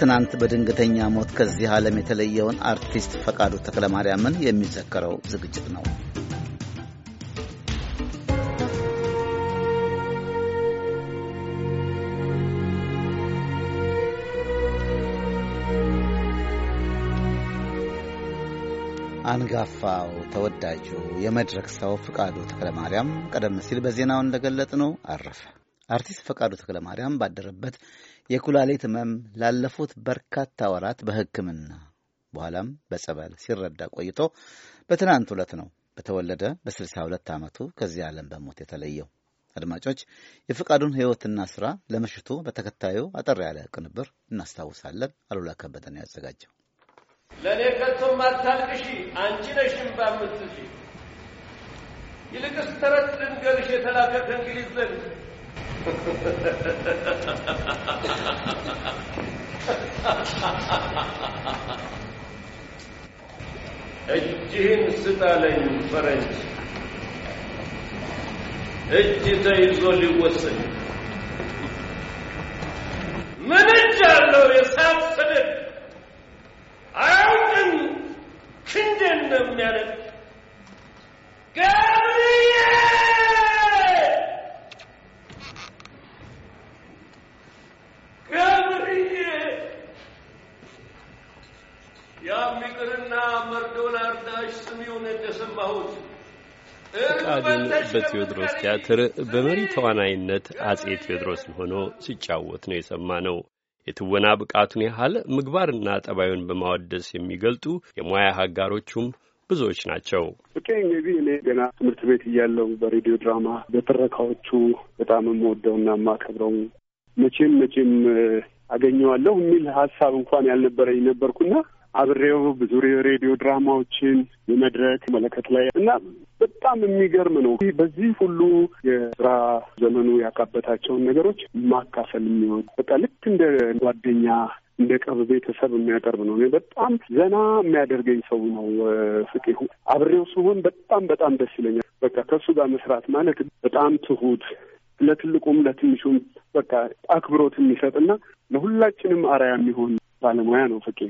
ትናንት በድንገተኛ ሞት ከዚህ ዓለም የተለየውን አርቲስት ፈቃዱ ተክለማርያምን የሚዘከረው ዝግጅት ነው። አንጋፋው ተወዳጁ የመድረክ ሰው ፍቃዱ ተክለማርያም ቀደም ሲል በዜናው እንደገለጥ ነው አረፈ። አርቲስት ፈቃዱ ማርያም ባደረበት የኩላሊት ህመም ላለፉት በርካታ ወራት በሕክምና በኋላም በጸበል ሲረዳ ቆይቶ በትናንት ዕለት ነው በተወለደ በ62 ዓመቱ ከዚህ ዓለም በሞት የተለየው። አድማጮች የፈቃዱን ሕይወትና ስራ ለምሽቱ በተከታዩ አጠር ያለ ቅንብር እናስታውሳለን። አሉላ ከበደ ነው ያዘጋጀው። ለእኔ ከቶም አታልቅሺ አንቺ ነሽ እምባ ይልቅስ ተረት ልንገርሽ የተላከ ከእንግሊዝ ዘንድ እጅህን ስጣለኝ ፈረንጅ እጅ ተይዞ ሊወሰኝ ምን እጅ አለው የሳት ስድብ አያውቅም ክንዴን ነው የሚያደርግ ገብርዬ ፈቃዱን በቴዎድሮስ ቲያትር በመሪ ተዋናይነት አጼ ቴዎድሮስን ሆኖ ሲጫወት ነው የሰማ ነው። የትወና ብቃቱን ያህል ምግባርና ጠባዩን በማወደስ የሚገልጡ የሙያ አጋሮቹም ብዙዎች ናቸው። እንግዲህ እኔ ገና ትምህርት ቤት እያለው በሬዲዮ ድራማ በትረካዎቹ በጣም የምወደውና የማከብረው መቼም መቼም አገኘዋለሁ የሚል ሀሳብ እንኳን ያልነበረኝ ነበርኩና አብሬው ብዙ ሬዲዮ ድራማዎችን የመድረክ መለከት ላይ እና በጣም የሚገርም ነው። በዚህ ሁሉ የስራ ዘመኑ ያካበታቸውን ነገሮች ማካፈል የሚወድ በቃ ልክ እንደ ጓደኛ እንደ ቅርብ ቤተሰብ የሚያቀርብ ነው። በጣም ዘና የሚያደርገኝ ሰው ነው ፍቄሁ። አብሬው ሲሆን በጣም በጣም ደስ ይለኛል። በቃ ከእሱ ጋር መስራት ማለት በጣም ትሁት ለትልቁም ለትንሹም በቃ አክብሮት የሚሰጥና ለሁላችንም አርአያ የሚሆን ባለሙያ ነው ፍቄ።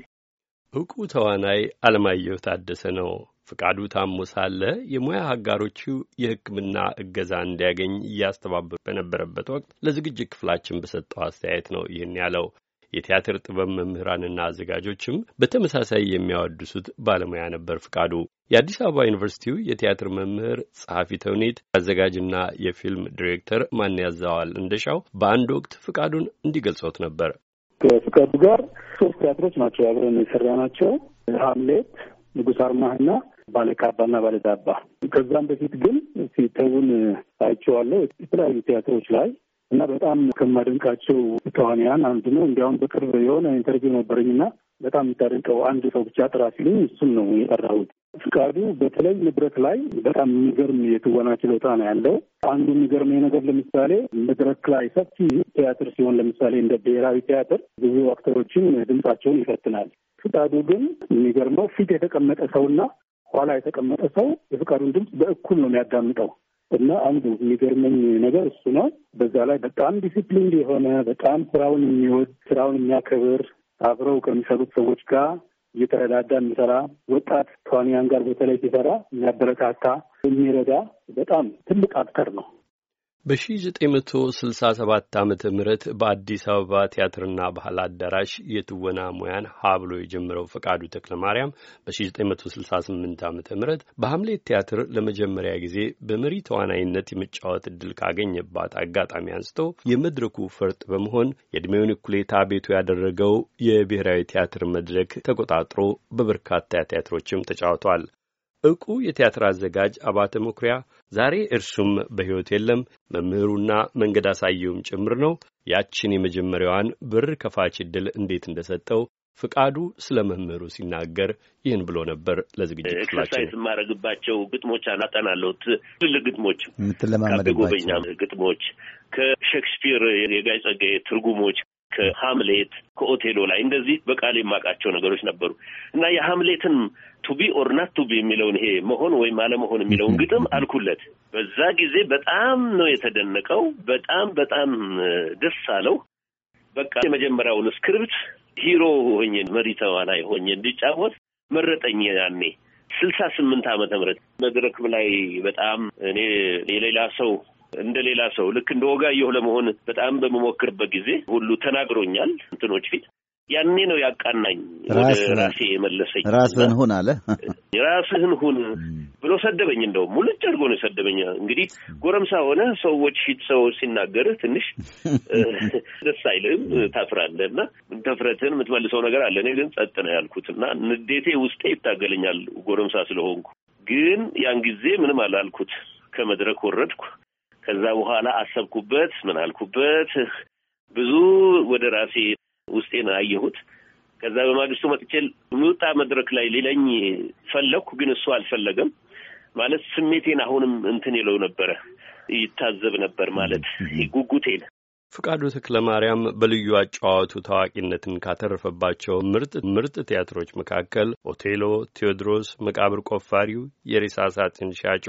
እውቁ ተዋናይ አለማየሁ ታደሰ ነው። ፍቃዱ ታሞ ሳለ የሙያ አጋሮቹ የሕክምና እገዛ እንዲያገኝ እያስተባበሩ በነበረበት ወቅት ለዝግጅት ክፍላችን በሰጠው አስተያየት ነው ይህን ያለው። የቲያትር ጥበብ መምህራንና አዘጋጆችም በተመሳሳይ የሚያወድሱት ባለሙያ ነበር ፍቃዱ። የአዲስ አበባ ዩኒቨርሲቲው የቲያትር መምህር፣ ጸሐፊ ተውኔት፣ አዘጋጅና የፊልም ዲሬክተር ማን ያዘዋል እንደሻው በአንድ ወቅት ፍቃዱን እንዲገልጾት ነበር። ከፍቃዱ ጋር ሶስት ቲያትሮች ናቸው አብረን የሰራ ናቸው ሀምሌት፣ ንጉስ አርማህ እና ባለካባና ባለዳባ። ከዛም በፊት ግን ሲተውን አይቼዋለሁ የተለያዩ ቲያትሮች ላይ እና በጣም ከማደንቃቸው ተዋንያን አንዱ ነው። እንዲያውም በቅርብ የሆነ ኢንተርቪው ነበረኝ እና በጣም የምታደንቀው አንድ ሰው ብቻ ጥራ ሲሉኝ እሱን ነው የጠራሁት። ፍቃዱ በተለይ ንብረት ላይ በጣም የሚገርም የትወና ችሎታ ነው ያለው። አንዱ የሚገርመኝ ነገር ለምሳሌ መድረክ ላይ ሰፊ ቲያትር ሲሆን ለምሳሌ እንደ ብሔራዊ ቲያትር ብዙ አክተሮችን ድምጻቸውን ይፈትናል። ፍቃዱ ግን የሚገርመው ፊት የተቀመጠ ሰውና ኋላ የተቀመጠ ሰው የፍቃዱን ድምፅ በእኩል ነው የሚያዳምጠው እና አንዱ የሚገርመኝ ነገር እሱ ነው። በዛ ላይ በጣም ዲሲፕሊን የሆነ በጣም ስራውን የሚወድ ስራውን የሚያከብር አብረው ከሚሰሩት ሰዎች ጋር እየተረዳዳ የሚሰራ ወጣት ተዋንያን ጋር በተለይ ሲሰራ የሚያበረታታ የሚረዳ በጣም ትልቅ አክተር ነው። በ1967 ዓ ም በአዲስ አበባ ቲያትርና ባህል አዳራሽ የትወና ሙያን ሀ ብሎ የጀመረው ፈቃዱ ተክለ ማርያም በ1968 ዓ ም በሐምሌት ቲያትር ለመጀመሪያ ጊዜ በመሪ ተዋናይነት የመጫወት ዕድል ካገኘባት አጋጣሚ አንስቶ የመድረኩ ፈርጥ በመሆን የዕድሜውን እኩሌታ ቤቱ ያደረገው የብሔራዊ ቲያትር መድረክ ተቆጣጥሮ በበርካታ ቲያትሮችም ተጫውቷል። ዕውቁ የቲያትር አዘጋጅ አባተ መኩሪያ ዛሬ እርሱም በሕይወት የለም፣ መምህሩና መንገድ አሳየውም ጭምር ነው። ያችን የመጀመሪያዋን ብር ከፋች ዕድል እንዴት እንደሰጠው ፍቃዱ ስለ መምህሩ ሲናገር ይህን ብሎ ነበር። ለዝግጅት ኤክሰርሳይዝ የማደርግባቸው ግጥሞች አናጠናለሁ። ትልልቅ ግጥሞች፣ ጎበኛ ግጥሞች ከሼክስፒር የጋይ ጸጋዬ ትርጉሞች ከሀምሌት ከኦቴሎ ላይ እንደዚህ በቃል የማውቃቸው ነገሮች ነበሩ እና የሀምሌትን ቱቢ ኦርናት ቱቢ የሚለውን ይሄ መሆን ወይም አለመሆን የሚለውን ግጥም አልኩለት። በዛ ጊዜ በጣም ነው የተደነቀው። በጣም በጣም ደስ አለው። በቃ የመጀመሪያውን ስክሪፕት ሂሮ ሆኜ መሪ ተዋናይ ሆኜ እንዲጫወት መረጠኝ። ያኔ ስልሳ ስምንት ዓመተ ምህረት መድረክም ላይ በጣም እኔ የሌላ ሰው እንደ ሌላ ሰው ልክ እንደ ወጋየሁ ለመሆን በጣም በምሞክርበት ጊዜ ሁሉ ተናግሮኛል እንትኖች ፊት ያኔ ነው ያቃናኝ፣ ወደ ራሴ የመለሰኝ። ራስህን ሁን አለ ራስህን ሁን ብሎ ሰደበኝ። እንደውም ሙልጭ አድርጎ ነው የሰደበኝ። እንግዲህ ጎረምሳ ሆነ ሰዎች ፊት ሰው ሲናገርህ ትንሽ ደስ አይልህም፣ ታፍራለህ እና ተፍረትህን የምትመልሰው ነገር አለ። እኔ ግን ጸጥ ነው ያልኩት እና ንዴቴ ውስጤ ይታገለኛል ጎረምሳ ስለሆንኩ። ግን ያን ጊዜ ምንም አላልኩት። ከመድረክ ወረድኩ። ከዛ በኋላ አሰብኩበት፣ ምን አልኩበት፣ ብዙ ወደ ራሴ ውስጤን አየሁት። ከዛ በማግስቱ መጥቼ የሚወጣ መድረክ ላይ ሌላኝ ፈለግኩ፣ ግን እሱ አልፈለገም። ማለት ስሜቴን አሁንም እንትን ይለው ነበረ፣ ይታዘብ ነበር ማለት ጉጉቴን። ፍቃዱ ተክለ ማርያም በልዩ አጫዋቱ ታዋቂነትን ካተረፈባቸው ምርጥ ምርጥ ቲያትሮች መካከል ኦቴሎ፣ ቴዎድሮስ፣ መቃብር ቆፋሪው፣ የሬሳ ሳጥን ሻጩ፣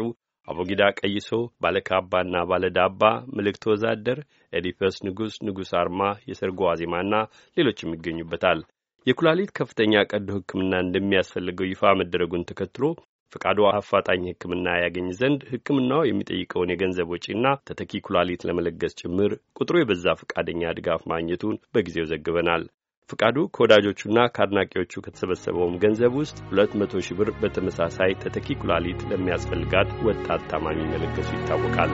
አቦጊዳ ቀይሶ፣ ባለካባና ባለዳባ፣ ምልክት ወዛደር፣ ኤዲፐስ ንጉሥ፣ ንጉሥ አርማ፣ የሰርጎ ዋዜማና ሌሎችም ይገኙበታል። የኩላሊት ከፍተኛ ቀዶ ሕክምና እንደሚያስፈልገው ይፋ መደረጉን ተከትሎ ፈቃዱ አፋጣኝ ሕክምና ያገኝ ዘንድ ሕክምናው የሚጠይቀውን የገንዘብ ወጪና ተተኪ ኩላሊት ለመለገስ ጭምር ቁጥሩ የበዛ ፈቃደኛ ድጋፍ ማግኘቱን በጊዜው ዘግበናል። ፍቃዱ ከወዳጆቹና ከአድናቂዎቹ ከተሰበሰበውም ገንዘብ ውስጥ 200 ሺህ ብር በተመሳሳይ ተተኪ ኩላሊት ለሚያስፈልጋት ወጣት ታማሚ መለገሱ ይታወቃል።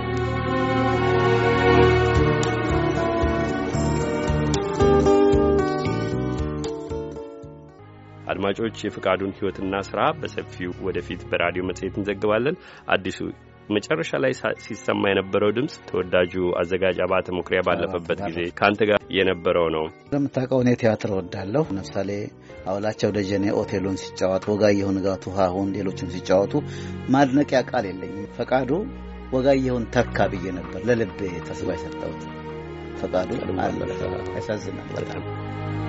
አድማጮች የፍቃዱን ሕይወትና ስራ በሰፊው ወደፊት በራዲዮ መጽሔት እንዘግባለን። አዲሱ መጨረሻ ላይ ሲሰማ የነበረው ድምፅ ተወዳጁ አዘጋጅ አባተ ሙክሪያ ባለፈበት ጊዜ ከአንተ ጋር የነበረው ነው። እንደምታውቀው እኔ ቲያትር ወዳለሁ። ለምሳሌ አውላቸው ደጀኔ ኦቴሎን ሲጫወት፣ ወጋየሁ ንጋቱ ሀሁን፣ ሌሎችም ሲጫወቱ ማድነቂያ ቃል የለኝም። ፈቃዱ ወጋየሁን ተካ ብዬ ነበር። ለልቤ ተስባ የሰጠሁት ፈቃዱ ያሳዝናል በጣም